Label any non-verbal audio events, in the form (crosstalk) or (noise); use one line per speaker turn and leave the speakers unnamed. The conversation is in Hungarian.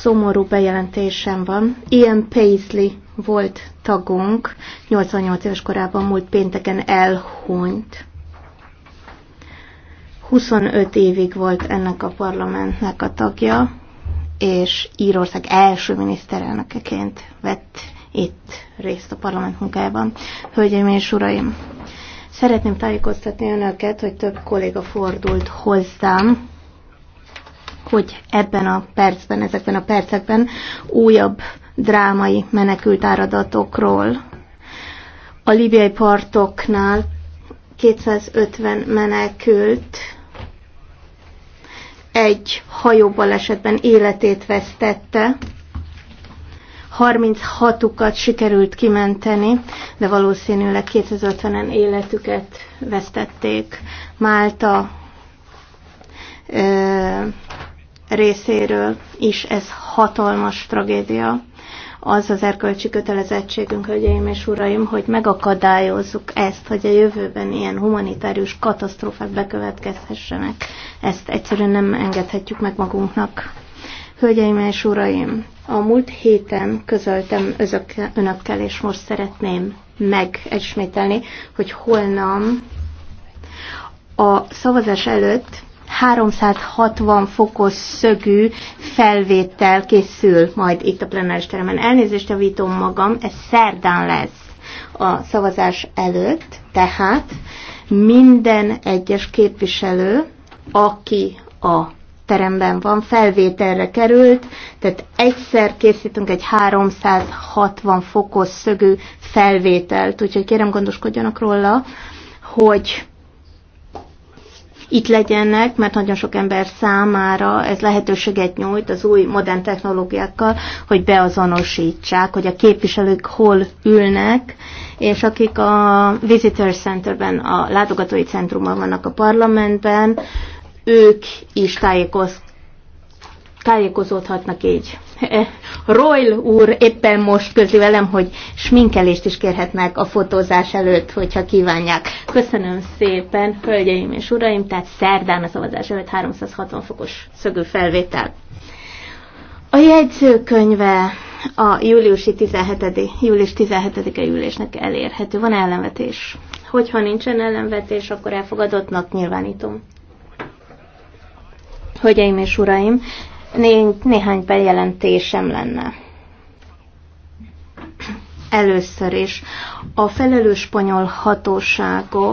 szomorú bejelentésem van. Ian Paisley volt tagunk, 88 éves korában múlt pénteken elhunyt. 25 évig volt ennek a parlamentnek a tagja, és Írország első miniszterelnökeként vett itt részt a parlament munkájában. Hölgyeim és uraim, szeretném tájékoztatni önöket, hogy több kolléga fordult hozzám, hogy ebben a percben, ezekben a percekben újabb drámai menekült áradatokról. A libiai partoknál 250 menekült egy hajóbalesetben életét vesztette, 36-ukat sikerült kimenteni, de valószínűleg 250-en életüket vesztették. Málta részéről is ez hatalmas tragédia. Az az erkölcsi kötelezettségünk, hölgyeim és uraim, hogy megakadályozzuk ezt, hogy a jövőben ilyen humanitárius katasztrófák bekövetkezhessenek. Ezt egyszerűen nem engedhetjük meg magunknak. Hölgyeim és uraim, a múlt héten közöltem özökkel, önökkel, és most szeretném megesmételni, hogy holnap a szavazás előtt 360 fokos szögű felvétel készül majd itt a plenáris teremben. Elnézést javítom magam, ez szerdán lesz a szavazás előtt, tehát minden egyes képviselő, aki a teremben van, felvételre került, tehát egyszer készítünk egy 360 fokos szögű felvételt, úgyhogy kérem gondoskodjanak róla, hogy itt legyenek, mert nagyon sok ember számára ez lehetőséget nyújt az új modern technológiákkal, hogy beazonosítsák, hogy a képviselők hol ülnek, és akik a Visitor Centerben, a látogatói centrumban vannak a parlamentben, ők is tájékoztatást tájékozódhatnak így. (laughs) Royal úr éppen most közli velem, hogy sminkelést is kérhetnek a fotózás előtt, hogyha kívánják. Köszönöm szépen, hölgyeim és uraim, tehát szerdán a szavazás előtt 360 fokos szögű felvétel. A jegyzőkönyve a júliusi 17 július 17-e ülésnek elérhető. Van ellenvetés? Hogyha nincsen ellenvetés, akkor elfogadottnak nyilvánítom. Hölgyeim és uraim, né- néhány bejelentésem lenne. Először is a felelős spanyol hatóságok